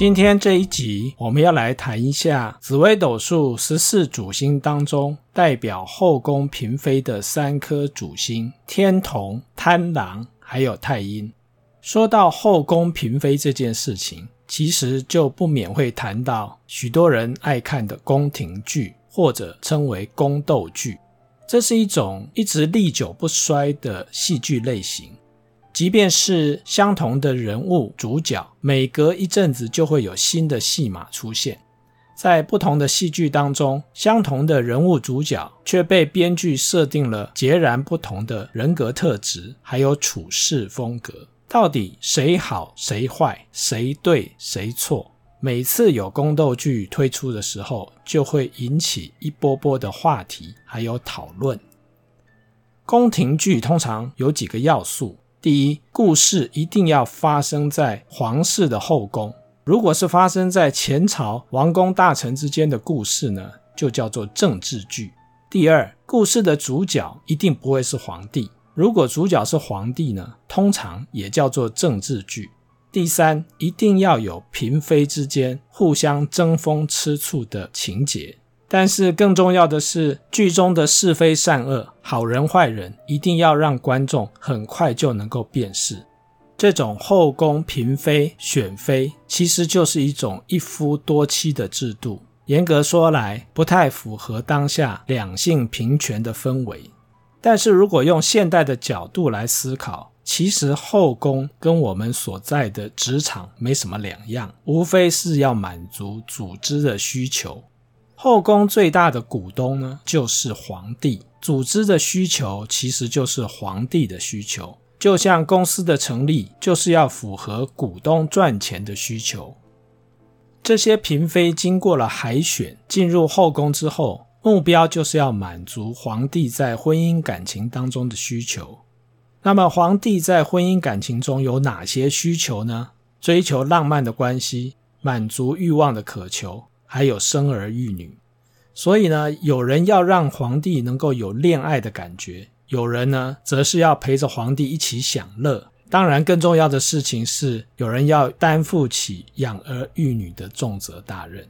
今天這一集，我們要來談一下紫微斗數十四主星當中代表後宮嬪妃的三顆主星：天同、貪狼，還有太陰。說到後宮嬪妃這件事情，其實就不免會談到許多人愛看的宮廷劇，或者稱為宮鬥劇。這是一種一直歷久不衰的戲劇類型。即便是相同的人物主角，每隔一陣子就會有新的戲碼出現，在不同的戲劇當中，相同的人物主角卻被編劇設定了截然不同的人格特質，還有處事風格。到底誰好誰壞，誰對誰錯？每次有宮鬥劇推出的時候，就會引起一波波的話題，還有討論。宮廷劇通常有幾個要素。第一，故事一定要發生在皇室的後宮。如果是發生在前朝王公大臣之間的故事呢，就叫做政治劇。第二，故事的主角一定不會是皇帝。如果主角是皇帝呢，通常也叫做政治劇。第三，一定要有嬪妃之間互相爭風吃醋的情節。但是更重要的是，劇中的是非善惡、好人壞人，一定要讓觀眾很快就能夠辨識。這種後宮嬪妃選妃，其實就是一種一夫多妻的制度。嚴格說來，不太符合當下兩性平權的氛圍。但是如果用現代的角度來思考，其實後宮跟我們所在的職場沒什麼兩樣，無非是要滿足組織的需求。後宮最大的股東呢，就是皇帝。組織的需求其實就是皇帝的需求，就像公司的成立就是要符合股東賺錢的需求。這些嬪妃經過了海選，進入後宮之後，目標就是要滿足皇帝在婚姻感情當中的需求。那麼，皇帝在婚姻感情中有哪些需求呢？追求浪漫的關係，滿足欲望的渴求。還有生兒育女，所以呢，有人要讓皇帝能夠有戀愛的感覺，有人呢，則是要陪着皇帝一起享樂。當然，更重要的事情是，有人要擔負起養兒育女的重責大任。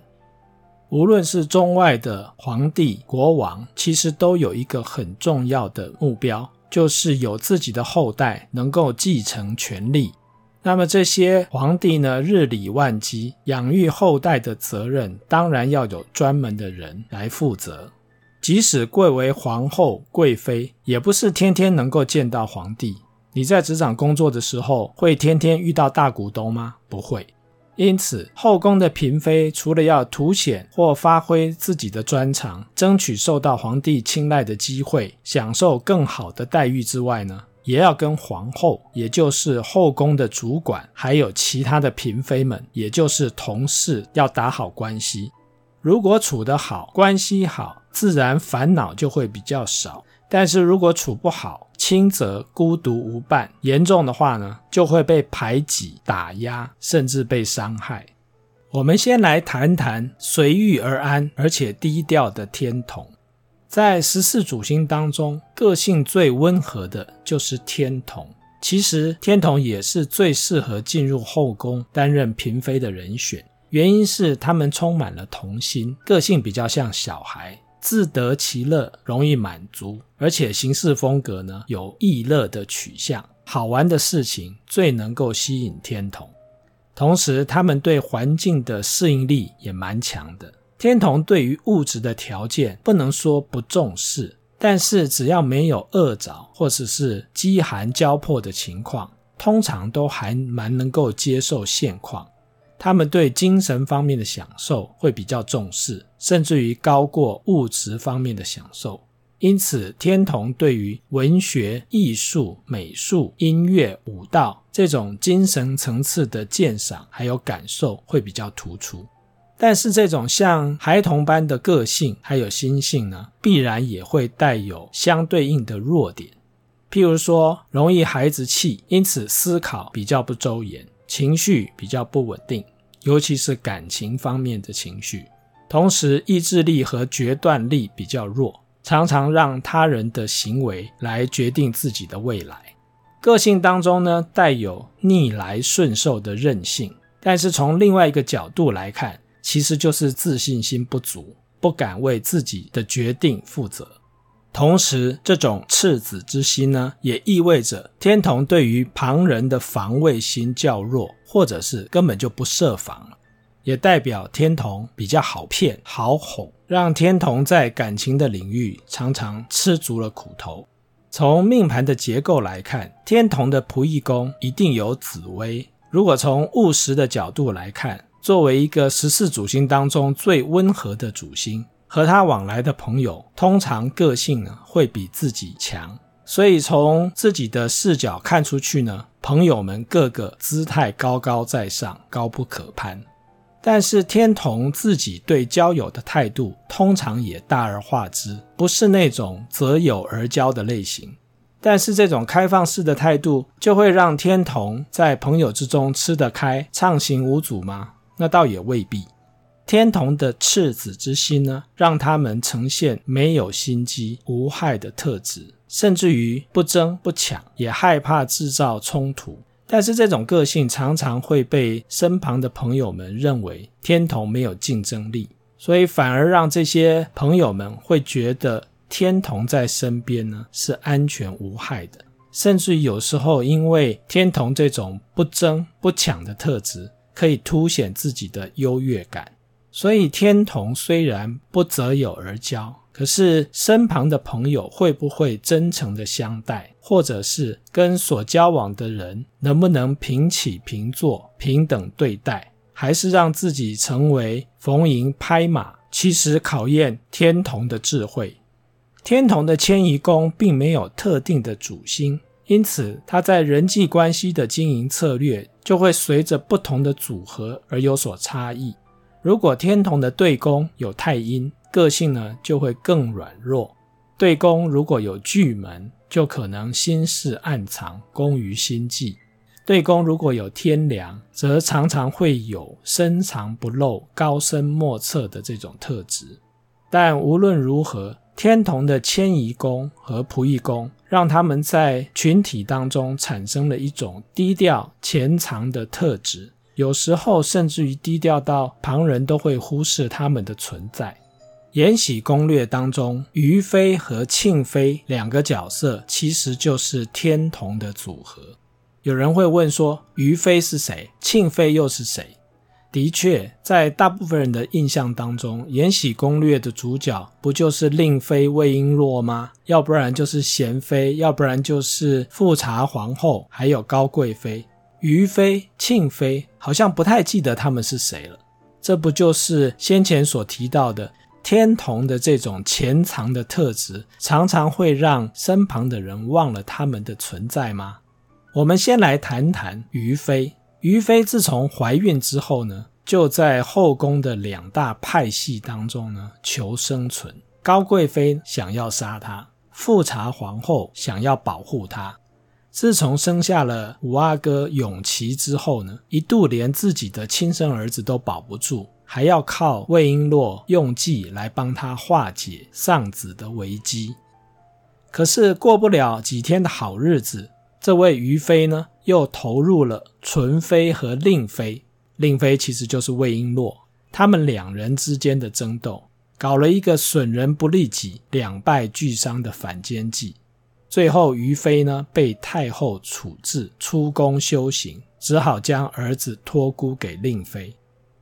無論是中外的皇帝、國王，其實都有一個很重要的目標，就是有自己的後代能夠繼承權力。那麼這些皇帝呢，日理萬機，養育後代的責任當然要有專門的人來負責。即使貴為皇後、貴妃，也不是天天能夠見到皇帝。你在職場工作的時候，會天天遇到大股東嗎？不會。因此，後宮的嬪妃除了要凸顯或發揮自己的專長，爭取受到皇帝青睞的機會，享受更好的待遇之外呢，也要跟皇後，也就是後宮的主管，還有其他的嬪妃們，也就是同事，要打好關係。如果處得好，關係好，自然煩惱就會比較少；但是如果處不好，輕則孤獨無伴，嚴重的話呢，就會被排擠、打壓，甚至被傷害。我們先來談談隨遇而安而且低調的天同。在十四主星當中，個性最溫和的就是天同。其實天同也是最適合進入後宮擔任嬪妃的人選，原因是他們充滿了童心，個性比較像小孩，自得其樂，容易滿足，而且行事風格呢有逸樂的取向，好玩的事情最能夠吸引天同。同時，他們對環境的適應力也蠻強的。天同對於物質的條件不能說不重視，但是只要沒有餓着或者是飢寒交迫的情況，通常都還蠻能夠接受現況。他們對精神方面的享受會比較重視，甚至於高過物質方面的享受。因此，天同對於文學、藝術、美術、音樂、舞蹈，這種精神層次的鑑賞還有感受會比較突出。但是這種像孩童般的個性還有心性呢，必然也會帶有相對應的弱點，譬如說容易孩子氣，因此思考比較不周延，情緒比較不穩定，尤其是感情方面的情緒。同時，意志力和決斷力比較弱，常常讓他人的行為來決定自己的未來。個性當中呢，帶有逆來順受的韌性，但是從另外一個角度來看。其實就是自信心不足，不敢為自己的決定負責。同時，這種赤子之心呢，也意味着天同對於旁人的防衛心較弱，或者是根本就不設防。也代表天同比較好騙、好哄，讓天同在感情的領域常常吃足了苦頭。從命盤的結構來看，天同的僕役宮一定有紫微，如果從務實的角度來看，作為一個十四主星當中最溫和的主星，和他往來的朋友通常個性呢會比自己強，所以從自己的視角看出去呢，朋友們個個姿態高高在上，高不可攀。但是天同自己對交友的態度通常也大而化之，不是那種擇友而交的類型。但是這種開放式的態度就會讓天同在朋友之中吃得開，暢行無阻嗎？那倒也未必。天同的赤子之心呢，讓他們呈現沒有心機、無害的特質，甚至於不爭不搶，也害怕製造衝突。但是這種個性常常會被身旁的朋友們認為天同沒有競爭力，所以反而讓這些朋友們會覺得天同在身邊呢是安全無害的，甚至有時候因為天同這種不爭不搶的特質。可以凸顯自己的優越感，所以天同雖然不擇友而交，可是身旁的朋友會不會真誠的相待，或者是跟所交往的人能不能平起平坐、平等對待，還是讓自己成為逢迎拍馬，其實考驗天同的智慧。天同的遷移宮並沒有特定的主星，因此他在人際關係的經營策略，就會隨着不同的組合而有所差異。如果天同的對宮有太陰，個性呢就會更軟弱；對宮如果有巨門，就可能心事暗藏、工於心計；對宮如果有天梁，則常常會有深藏不露、高深莫測的這種特質。但無論如何，天同的遷移宮和僕役宮，讓他們在群體當中產生了一種低調潛藏的特質，有時候甚至於低調到旁人都會忽視他們的存在。《延禧攻略》當中，愉妃和慶妃兩個角色其實就是天同的組合。有人會問說，愉妃是誰？慶妃又是誰？的確，在大部分人的印象當中，《延禧攻略》的主角不就是令妃魏瓔珞嗎？要不然就是嫻妃，要不然就是富察皇後，還有高貴妃、愉妃、慶妃，好像不太記得他們是誰了。這不就是先前所提到的天同的這種潛藏的特質，常常會讓身旁的人忘了他們的存在嗎？我們先來談談愉妃。於妃自從懷孕之後呢，就在後宮的兩大派系當中呢，求生存。高貴妃想要殺她，富察皇后想要保護她。自從生下了五阿哥永琪之後呢，一度連自己的親生兒子都保不住，還要靠魏瓔珞用計來幫他化解喪子的危機。可是過不了幾天的好日子，這位於妃呢，又投入了純妃和令妃，令妃其實就是魏瓔珞，他們兩人之間的爭鬥，搞了一個損人不利己、兩敗俱傷的反間計。最後於妃呢被太后處置，出宮修行，只好將兒子托孤給令妃。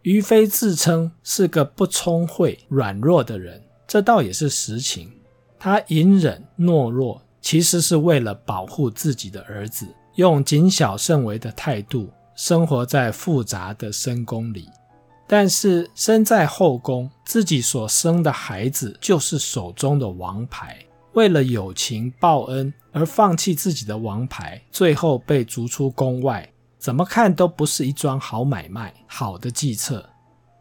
於妃自稱是個不聰慧、軟弱的人，這倒也是實情。她隱忍懦弱。其實是為了保護自己的兒子，用謹小慎微的態度生活在複雜的深宮裡。但是身在後宮，自己所生的孩子就是手中的王牌。為了友情報恩而放棄自己的王牌，最後被逐出宮外，怎麼看都不是一樁好買賣、好的計策。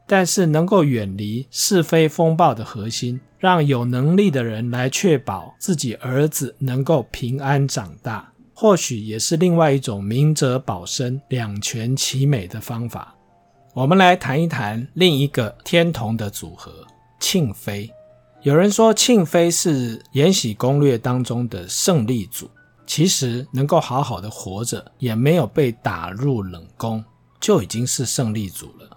但是能夠遠離是非風暴的核心，讓有能力的人來確保自己兒子能夠平安長大，或許也是另外一種明哲保身、兩全其美的方法。我們來談一談另一個天同的組合——慶妃。有人說慶妃是《延禧攻略》當中的勝利組，其實能夠好好的活着，也沒有被打入冷宮，就已經是勝利組了。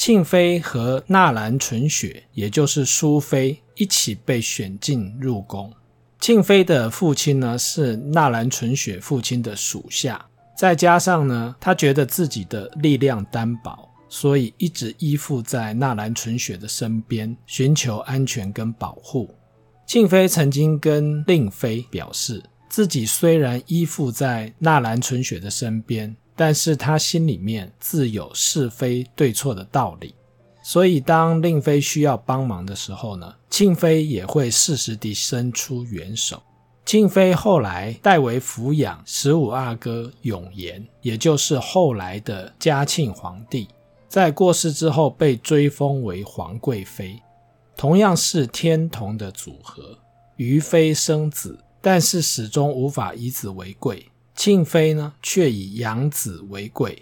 慶妃和納蘭淳雪，也就是淑妃，一起被選進入宮。慶妃的父親呢，是納蘭淳雪父親的屬下，再加上呢，他覺得自己的力量單薄，所以一直依附在納蘭淳雪的身邊，尋求安全跟保護。慶妃曾經跟令妃表示，自己雖然依附在納蘭淳雪的身邊。但是他心裡面自有是非對錯的道理，所以當令妃需要幫忙的時候呢，慶妃也會適時地伸出援手。慶妃後來代為撫養十五阿哥永琰，也就是後來的嘉慶皇帝，在過世之後被追封為皇貴妃。同樣是天同的組合，愉妃生子，但是始終無法以子為貴。慶妃呢，卻以養子為貴，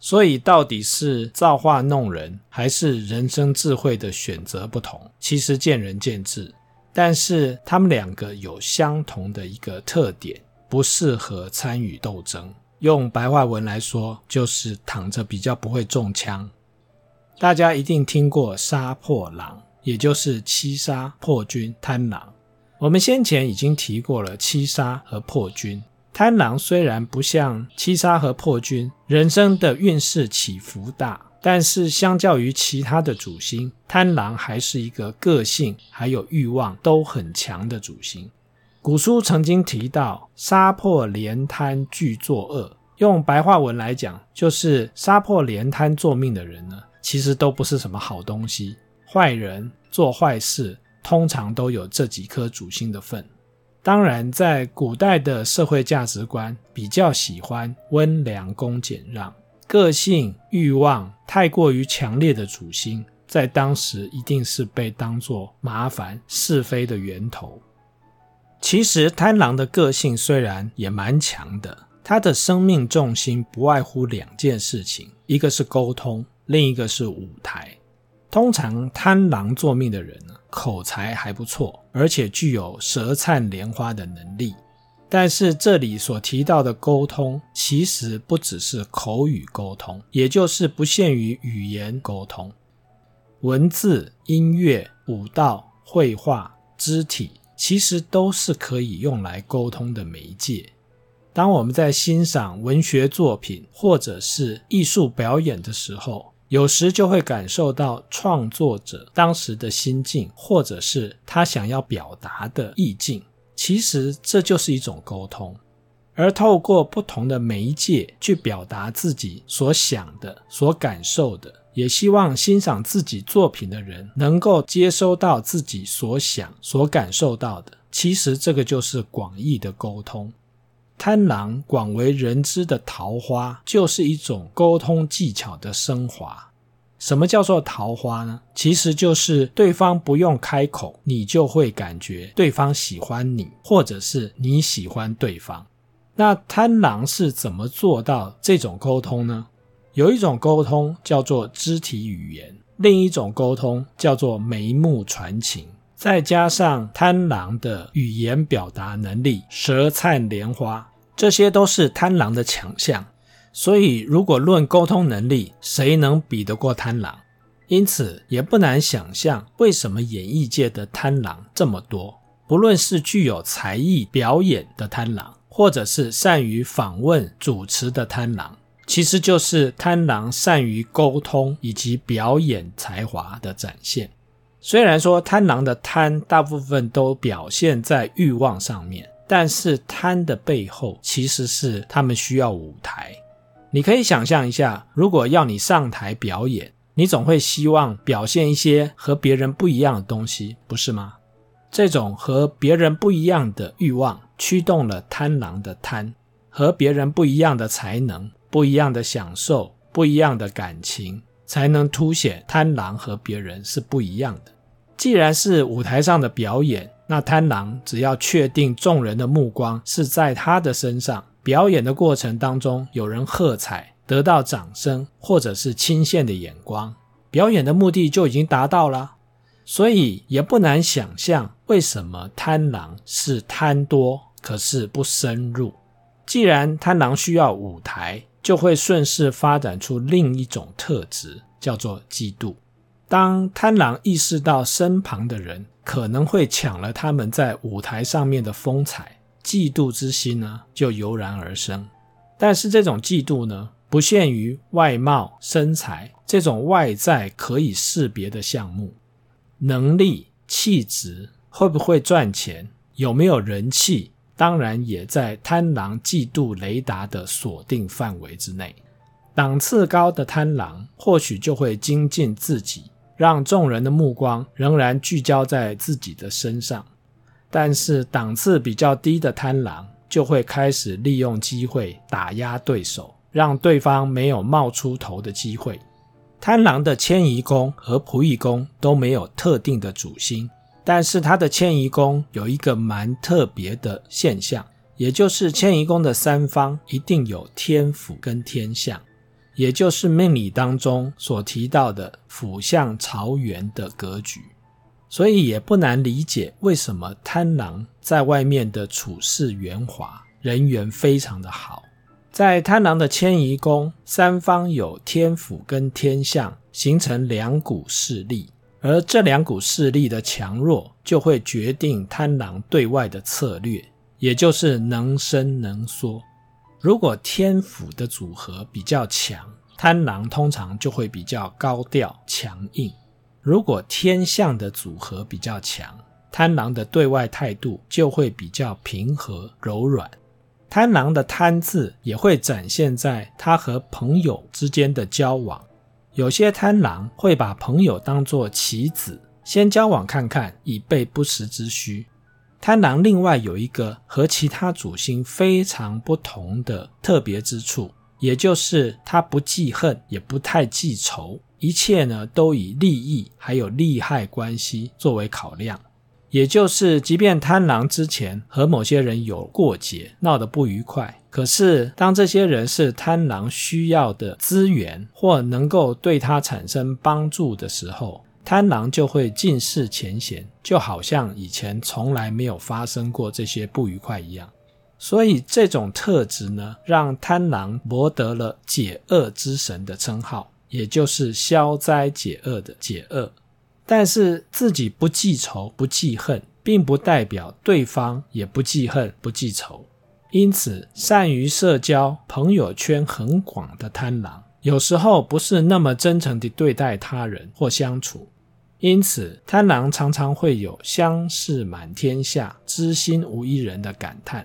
所以到底是造化弄人，還是人生智慧的選擇不同，其實見仁見智。但是他們兩個有相同的一個特點，不適合參與鬥爭。用白話文來說，就是躺着比較不會中槍。大家一定聽過“殺破狼”，也就是七殺破軍貪狼。我們先前已經提過了七殺和破軍。貪狼雖然不像七殺和破軍人生的運勢起伏大，但是相較於其他的主星，貪狼還是一個個性還有慾望都很強的主星。古書曾經提到“殺破廉貪俱作惡”，用白話文來講，就是殺破廉貪坐命的人呢，其實都不是什麼好東西。壞人做壞事，通常都有這幾顆主星的份。當然，在古代的社會價值觀比較喜歡溫良恭儉讓，個性欲望太過於強烈的主星在當時一定是被當作麻煩是非的源頭。其實貪狼的個性雖然也蠻強的，他的生命重心不外乎兩件事情，一個是溝通，另一個是舞台。通常貪狼坐命的人口才還不錯。而且具有舌燦蓮花的能力，但是這裡所提到的溝通，其實不只是口語溝通，也就是不限於語言溝通。文字、音樂、舞蹈、繪畫、肢體，其實都是可以用來溝通的媒介。當我們在欣賞文學作品或者是藝術表演的時候，有時就會感受到創作者當時的心境，或者是他想要表達的意境。其實這就是一種溝通，而透過不同的媒介去表達自己所想的、所感受的，也希望欣賞自己作品的人能夠接收到自己所想、所感受到的。其實這個就是廣義的溝通。貪狼廣為人知的桃花，就是一種溝通技巧的升華。什麼叫做桃花呢？其實就是對方不用開口，你就會感覺對方喜歡你，或者是你喜歡對方。那貪狼是怎麼做到這種溝通呢？有一種溝通叫做肢體語言，另一種溝通叫做眉目傳情。再加上貪狼的語言表達能力、舌燦蓮花，這些都是貪狼的強項。所以，如果論溝通能力，誰能比得過貪狼？因此，也不難想象，為什麼演藝界的貪狼這麼多。不論是具有才藝表演的貪狼，或者是善於訪問主持的貪狼，其實就是貪狼善於溝通以及表演才華的展現。雖然說貪狼的貪大部分都表現在欲望上面，但是貪的背後其實是他們需要舞台。你可以想象一下，如果要你上台表演，你總會希望表現一些和別人不一樣的東西，不是嗎？這種和別人不一樣的欲望驅動了貪狼的貪，和別人不一樣的才能、不一樣的享受、不一樣的感情。才能凸顯貪狼和別人是不一樣的。既然是舞台上的表演，那貪狼只要確定眾人的目光是在他的身上，表演的過程當中有人喝彩，得到掌聲或者是欽羨的眼光，表演的目的就已經達到了。所以也不難想象，為什麼貪狼是貪多，可是不深入。既然貪狼需要舞台，就會順勢發展出另一種特質，叫做嫉妒。當貪狼意識到身旁的人可能會搶了他們在舞台上面的風采，嫉妒之心呢就油然而生。但是這種嫉妒呢，不限於外貌、身材這種外在可以識別的項目，能力、氣質、會不會賺錢、有沒有人氣。當然也在貪狼嫉妒雷達的鎖定範圍之內。檔次高的貪狼或許就會精進自己，讓眾人的目光仍然聚焦在自己的身上；但是檔次比較低的貪狼就會開始利用機會打壓對手，讓對方沒有冒出頭的機會。貪狼的遷移宮和僕役宮都沒有特定的主星。但是他的遷移宮有一個蠻特別的現象，也就是遷移宮的三方一定有天府跟天相，也就是命理當中所提到的府相朝垣的格局，所以也不難理解為什麼貪狼在外面的處事圓滑，人緣非常的好。在貪狼的遷移宮三方有天府跟天相，形成兩股勢力。而這兩股勢力的強弱，就會決定貪狼對外的策略，也就是能伸能縮。如果天府的組合比較強，貪狼通常就會比較高調、強硬；如果天相的組合比較強，貪狼的對外態度就會比較平和、柔軟。貪狼的貪字也會展現在他和朋友之間的交往。有些貪狼會把朋友當作棋子，先交往看看，以備不時之需。貪狼另外有一個和其他主星非常不同的特別之處，也就是他不記恨，也不太記仇，一切呢都以利益還有利害關係作為考量。也就是，即便貪狼之前和某些人有過節，鬧得不愉快。可是，當這些人是貪狼需要的資源，或能夠對他產生幫助的時候，貪狼就會盡釋前嫌，就好像以前從來沒有發生過這些不愉快一樣。所以，這種特質呢，讓貪狼博得了解厄之神的稱號，也就是消災解厄的解厄。但是，自己不記仇不記恨，並不代表對方也不記恨不記仇。因此，善於社交、朋友圈很廣的貪狼，有時候不是那麼真誠地對待他人或相處。因此，貪狼常常會有“相識滿天下，知心無一人”的感嘆。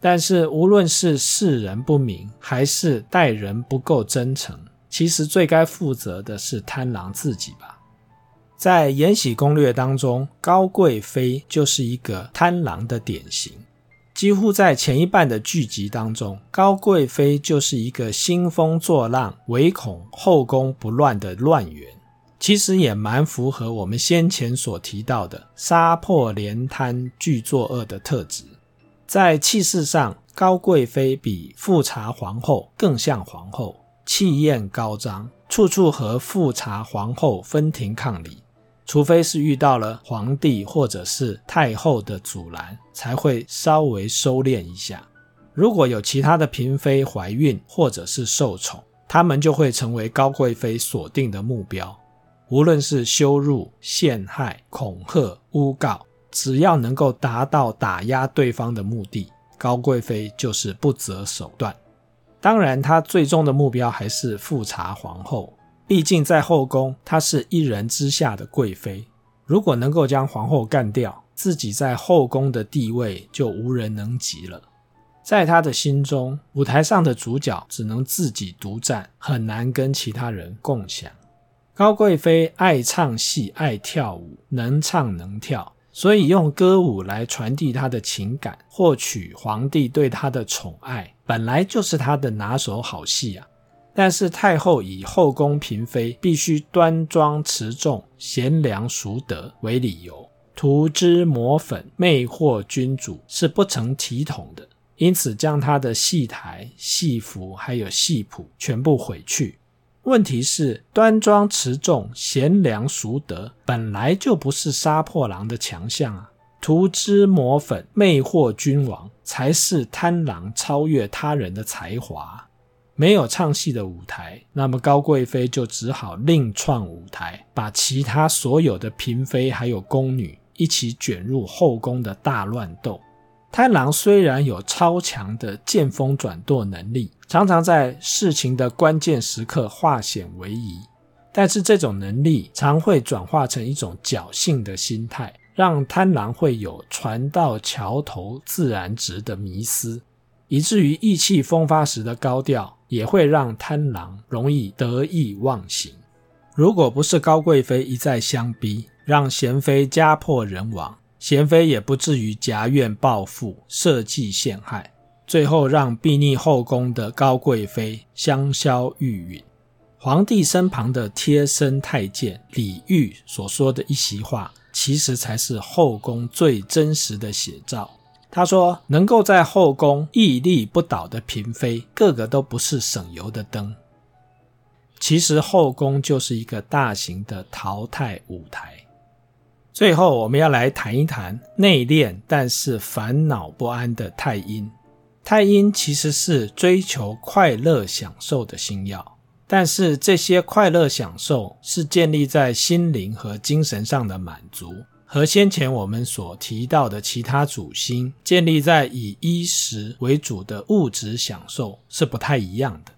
但是，無論是世人不明，還是待人不夠真誠，其實最該負責的是貪狼自己吧。在《延禧攻略》當中，高貴妃就是一個貪狼的典型。幾乎在前一半的劇集當中，高貴妃就是一個興風作浪、唯恐後宮不亂的亂源。其實也蠻符合我們先前所提到的“殺破廉貪巨作惡”的特質。在氣勢上，高貴妃比富察皇后更像皇後，氣焰高漲，處處和富察皇后分庭抗禮。除非是遇到了皇帝或者是太後的阻攔，才會稍微收斂一下。如果有其他的嬪妃懷孕或者是受寵，她們就會成為高貴妃鎖定的目標。無論是羞辱、陷害、恐嚇、誣告，只要能夠達到打壓對方的目的，高貴妃就是不擇手段。當然，她最終的目標還是富察皇後。畢竟在後宮，她是一人之下的貴妃。如果能夠將皇后幹掉，自己在後宮的地位就無人能及了。在她的心中，舞台上的主角只能自己獨佔，很難跟其他人共享。高貴妃愛唱戲，愛跳舞，能唱能跳，所以用歌舞來傳遞她的情感，獲取皇帝對她的寵愛，本來就是她的拿手好戲啊。但是太后以後宮嬪妃必須端莊持重、賢良淑德為理由，塗脂抹粉、魅惑君主是不成體統的，因此將她的戲台、戲服還有戲譜全部毀去。問題是，端莊持重、賢良淑德本來就不是殺破狼的強項啊，塗脂抹粉、魅惑君王才是貪狼超越他人的才華。沒有唱戲的舞台，那麼高貴妃就只好另創舞台，把其他所有的嬪妃還有宮女一起捲入後宮的大亂鬥。貪狼雖然有超強的見風轉舵能力，常常在事情的關鍵時刻化險為夷，但是這種能力常會轉化成一種僥倖的心態，讓貪狼會有船到橋頭自然直的迷思。以至於意氣風發時的高調，也會讓貪狼容易得意忘形。如果不是高貴妃一再相逼，讓嫻妃家破人亡，嫻妃也不至於挾怨報復、設計陷害，最後讓睥睨後宮的高貴妃香消玉殞。皇帝身旁的貼身太監李玉所說的一席話，其實才是後宮最真實的寫照。他說：“能夠在後宮屹立不倒的嬪妃，個個都不是省油的燈。其實後宮就是一個大型的淘汰舞台。”最後，我們要來談一談內斂但是煩惱不安的太陰。太陰其實是追求快樂享受的星曜，但是這些快樂享受是建立在心靈和精神上的滿足。和先前我們所提到的其他主星建立在以衣食為主的物質享受是不太一樣的。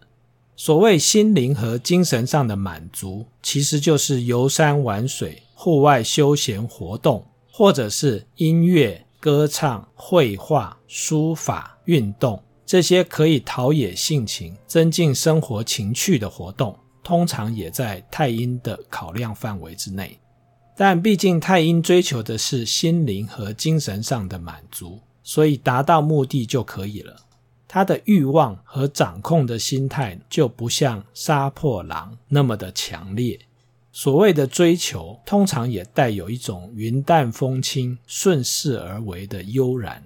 所謂心靈和精神上的滿足，其實就是遊山玩水、戶外休閒活動，或者是音樂、歌唱、繪畫、書法、運動，這些可以陶冶性情、增進生活情趣的活動，通常也在太陰的考量範圍之內。但畢竟太陰追求的是心靈和精神上的滿足，所以達到目的就可以了。他的慾望和掌控的心態就不像殺破狼那麼的強烈。所謂的追求，通常也帶有一種雲淡風輕、順勢而為的悠然。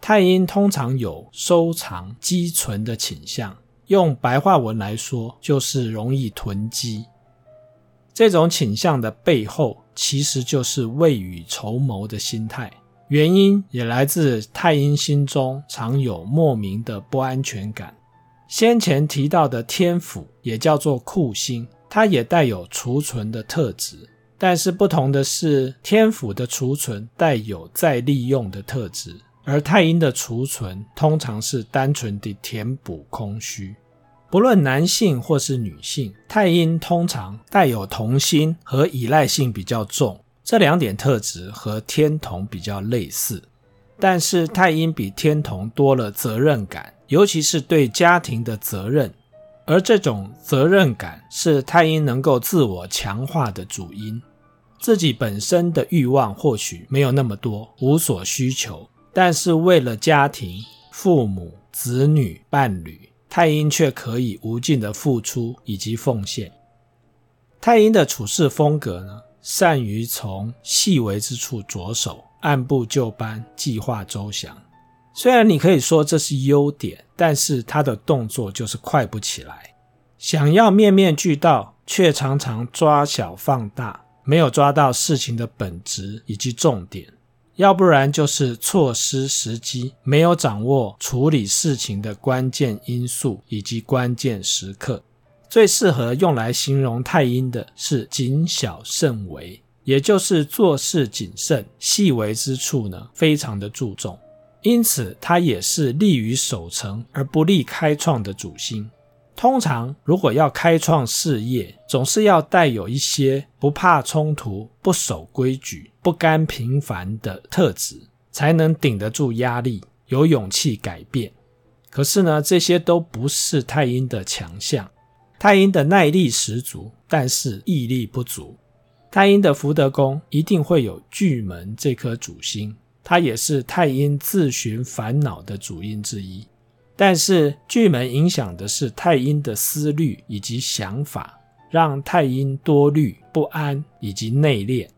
太陰通常有收藏、積存的傾向，用白話文來說，就是容易囤積。這種傾向的背後，其實就是未雨綢繆的心態，原因也來自太陰心中常有莫名的不安全感。先前提到的天府，也叫做庫星，它也帶有儲存的特質，但是不同的是，天府的儲存帶有再利用的特質，而太陰的儲存通常是單純的填補空虛。不論男性或是女性，太陰通常帶有童心和依賴性比較重，這兩點特質和天同比較類似。但是太陰比天同多了責任感，尤其是對家庭的責任。而這種責任感是太陰能夠自我強化的主因。自己本身的慾望或許沒有那麼多，無所需求，但是為了家庭、父母、子女、伴侶。太陰卻可以無盡的付出以及奉獻。太陰的處事風格呢，善於從細微之處着手，按部就班，計劃周詳。雖然你可以說這是優點，但是他的動作就是快不起來。想要面面俱到，卻常常抓小放大，沒有抓到事情的本質以及重點。要不然就是錯失時機，沒有掌握處理事情的關鍵因素以及關鍵時刻。最適合用來形容太陰的是謹小慎微，也就是做事謹慎，細微之處呢，非常的注重。因此，它也是利於守成而不利開創的主星。通常，如果要開創事業，總是要帶有一些不怕衝突、不守規矩、不甘平凡的特質，才能頂得住壓力，有勇氣改變。可是呢，這些都不是太陰的強項。太陰的耐力十足，但是毅力不足。太陰的福德宮一定會有巨門這顆主星，它也是太陰自尋煩惱的主因之一。但是巨門影響的是太陰的思慮以及想法，讓太陰多慮不安以及內斂。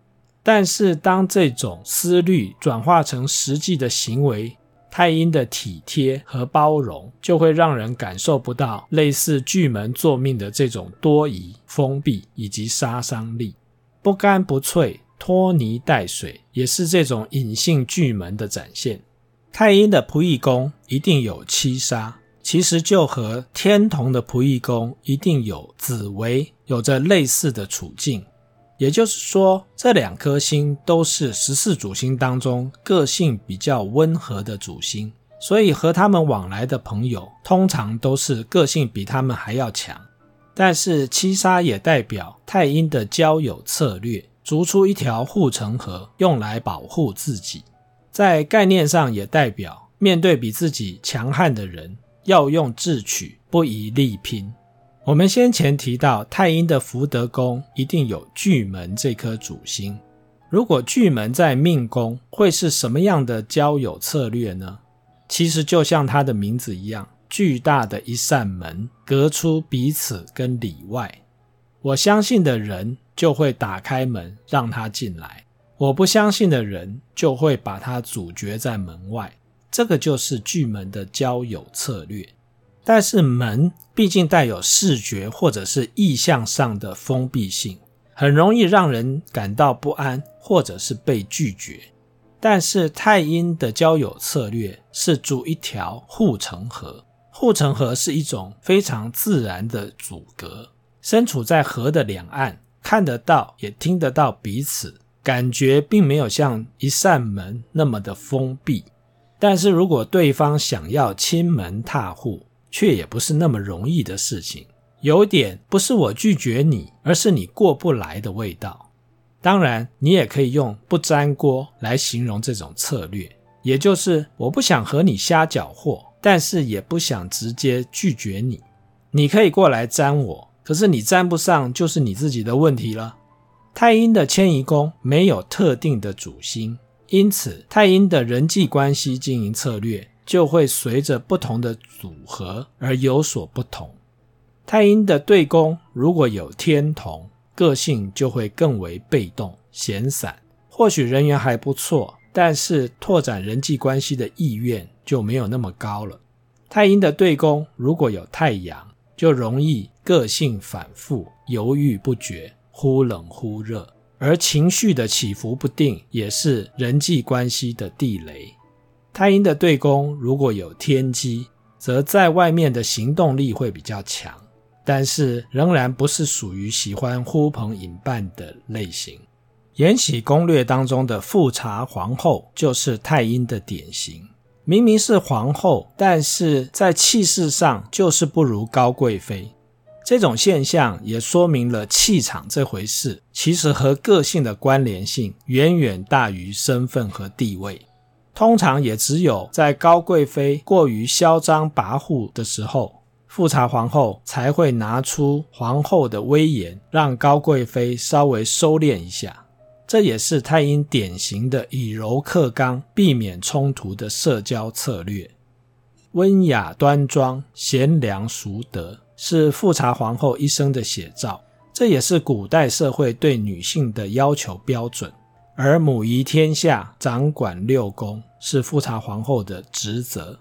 但是當這種思慮轉化成實際的行為，太陰的體貼和包容就會讓人感受不到類似巨門坐命的這種多疑、封閉以及殺傷力。不乾不脆、拖泥帶水，也是這種隱性巨門的展現。太陰的僕役宮一定有七殺，其實就和天同的僕役宮一定有紫微有着類似的處境。也就是說，這兩顆星都是十四主星當中個性比較溫和的主星，所以和他們往來的朋友通常都是個性比他們還要強。但是七殺也代表太陰的交友策略，築出一條護城河，用來保護自己。在概念上也代表面對比自己強悍的人，要用智取，不宜力拼。我們先前提到太陰的福德宮一定有巨門這顆主星，如果巨門在命宮，會是什麼樣的交友策略呢？其實就像它的名字一樣，巨大的一扇門，隔出彼此跟裡外。我相信的人就會打開門讓他進來。我不相信的人就會把他阻絕在門外，這個就是巨門的交友策略。但是門畢竟帶有視覺或者是意象上的封閉性，很容易讓人感到不安或者是被拒絕。但是太陰的交友策略是築一條護城河，護城河是一種非常自然的阻隔，身處在河的兩岸，看得到也聽得到彼此。感覺並沒有像一扇門那麼的封閉，但是如果對方想要親門踏戶，卻也不是那麼容易的事情。有點不是我拒絕你，而是你過不來的味道。當然，你也可以用不沾鍋來形容這種策略，也就是我不想和你瞎攪和，但是也不想直接拒絕你。你可以過來沾我，可是你沾不上，就是你自己的問題了。太陰的遷移宮沒有特定的主星，因此太陰的人際關係經營策略就會隨着不同的組合而有所不同。太陰的對宮如果有天同，個性就會更為被動、閒散，或許人緣還不錯，但是拓展人際關係的意願就沒有那麼高了。太陰的對宮如果有太陽，就容易個性反覆、猶豫不決。忽冷忽熱，而情緒的起伏不定也是人際關係的地雷。太陰的對宮如果有天機，則在外面的行動力會比較強，但是仍然不是屬於喜歡呼朋引伴的類型。《延禧攻略》當中的富察皇後就是太陰的典型，明明是皇後，但是在氣勢上就是不如高貴妃。這種現象也說明了氣場這回事，其實和個性的關聯性遠遠大於身份和地位。通常也只有在高貴妃過於囂張跋扈的時候，富察皇后才會拿出皇後的威嚴，讓高貴妃稍微收斂一下。這也是太陰典型的以柔克剛、避免衝突的社交策略。溫雅端莊，賢良淑德，是富察皇後一生的寫照，這也是古代社會對女性的要求標準。而母儀天下、掌管六宮是富察皇後的職責，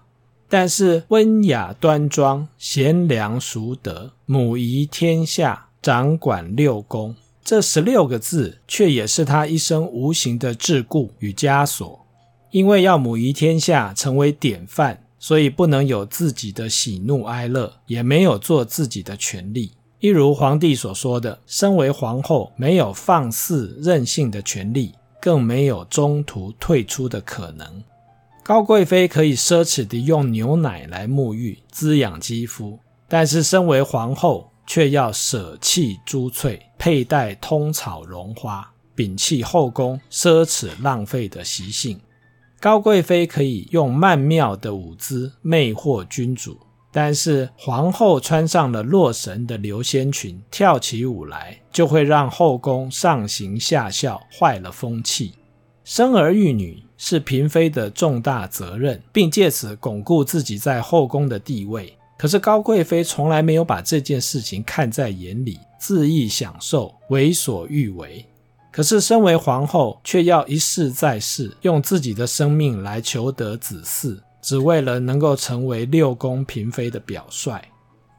但是溫雅端莊、賢良淑德、母儀天下、掌管六宮這十六個字，卻也是她一生無形的桎梏與枷鎖，因為要母儀天下，成為典範。所以不能有自己的喜怒哀樂，也沒有做自己的權利。一如皇帝所說的，身為皇后沒有放肆任性的權利，更沒有中途退出的可能。高貴妃可以奢侈的用牛奶來沐浴滋養肌膚，但是身為皇后卻要捨棄珠翠，佩戴通草絨花，摒棄後宮奢侈浪費的習性。高貴妃可以用曼妙的舞姿魅惑君主，但是皇后穿上了洛神的流仙裙，跳起舞來就會讓後宮上行下效，壞了風氣。生兒育女是嬪妃的重大責任，並借此鞏固自己在後宮的地位。可是高貴妃從來沒有把這件事情看在眼裡，恣意享受，為所欲為。可是，身為皇後，卻要一世再世，用自己的生命來求得子嗣，只為了能夠成為六宮嬪妃的表率。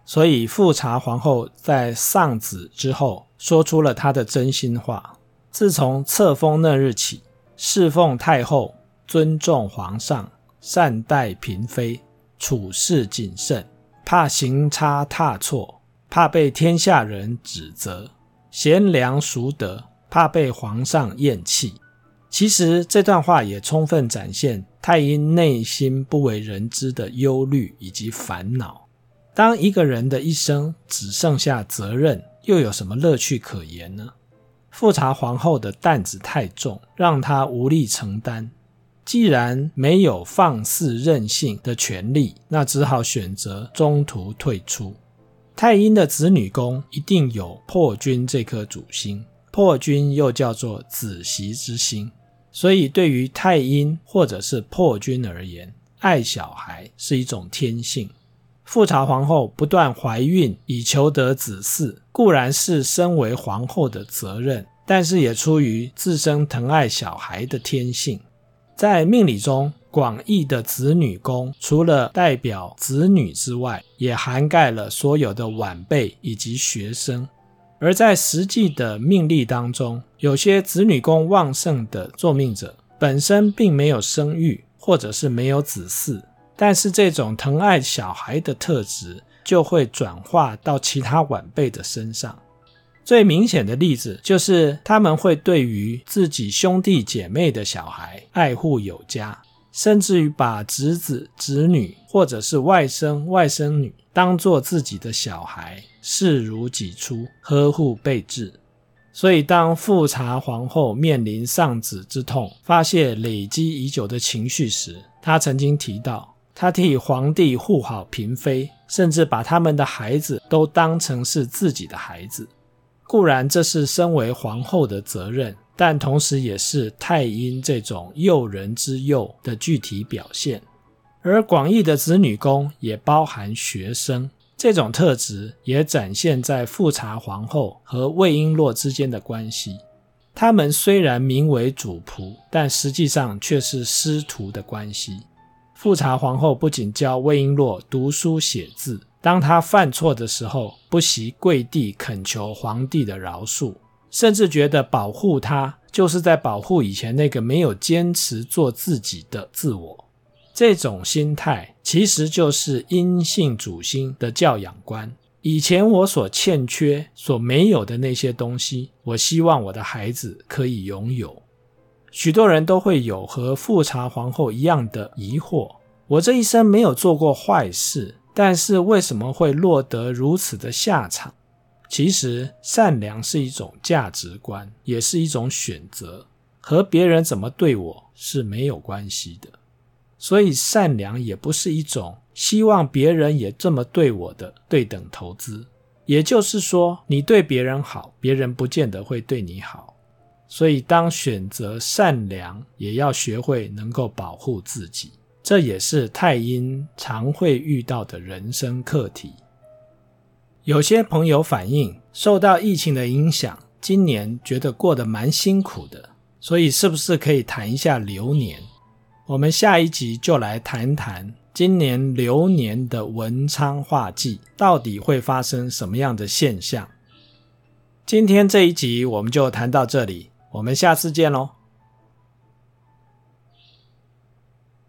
所以，富察皇後在喪子之後，說出了她的真心話：自從冊封那日起，侍奉太後，尊重皇上，善待嬪妃，處事謹慎，怕行差踏錯，怕被天下人指責，賢良淑德。怕被皇上厭棄。其實這段話也充分展現太陰內心不為人知的憂慮以及煩惱。當一個人的一生只剩下責任，又有什麼樂趣可言呢？富察皇後的擔子太重，讓她無力承擔。既然沒有放肆任性的權利，那只好選擇中途退出。太陰的子女宮一定有破軍這顆主星。破軍又叫做子息之星，所以對於太陰或者是破軍而言，愛小孩是一種天性。富察皇後不斷懷孕以求得子嗣，固然是身為皇後的責任，但是也出於自身疼愛小孩的天性。在命理中，廣義的子女宮除了代表子女之外，也涵蓋了所有的晚輩以及學生。而在實際的命例當中，有些子女宮旺盛的坐命者，本身並沒有生育，或者是沒有子嗣，但是這種疼愛小孩的特質就會轉化到其他晚輩的身上。最明顯的例子就是，他們會對於自己兄弟姐妹的小孩愛護有加，甚至於把侄子、侄女，或者是外甥、外甥女當做自己的小孩。視如己出，呵護備至。所以，當富察皇后面臨喪子之痛，發洩累積已久的情緒時，她曾經提到，她替皇帝護好嬪妃，甚至把他們的孩子都當成是自己的孩子。固然這是身為皇後的責任，但同時也是太陰這種幼人之幼的具體表現。而廣義的子女宮也包含學生。這種特質也展現在富察皇後和魏瓔珞之間的關係。她們雖然名為主僕，但實際上卻是師徒的關係。富察皇後不僅教魏瓔珞讀書寫字，當她犯錯的時候，不惜跪地懇求皇帝的饒恕，甚至覺得保護她就是在保護以前那個沒有堅持做自己的自我。這種心態其實就是陰性主星的教養觀。以前我所欠缺、所沒有的那些東西，我希望我的孩子可以擁有。許多人都會有和富察皇後一樣的疑惑：我這一生沒有做過壞事，但是為什麼會落得如此的下場？其實，善良是一種價值觀，也是一種選擇，和別人怎麼對我是沒有關係的。所以善良也不是一種希望別人也這麼對我的對等投資，也就是說，你對別人好，別人不見得會對你好。所以，當選擇善良，也要學會能夠保護自己，這也是太陰常會遇到的人生課題。有些朋友反映，受到疫情的影響，今年覺得過得蠻辛苦的，所以是不是可以談一下流年？我們下一集就來談談今年流年的文昌化忌到底會發生什麼樣的現象。今天這一集我們就談到這裡，我們下次見嘍。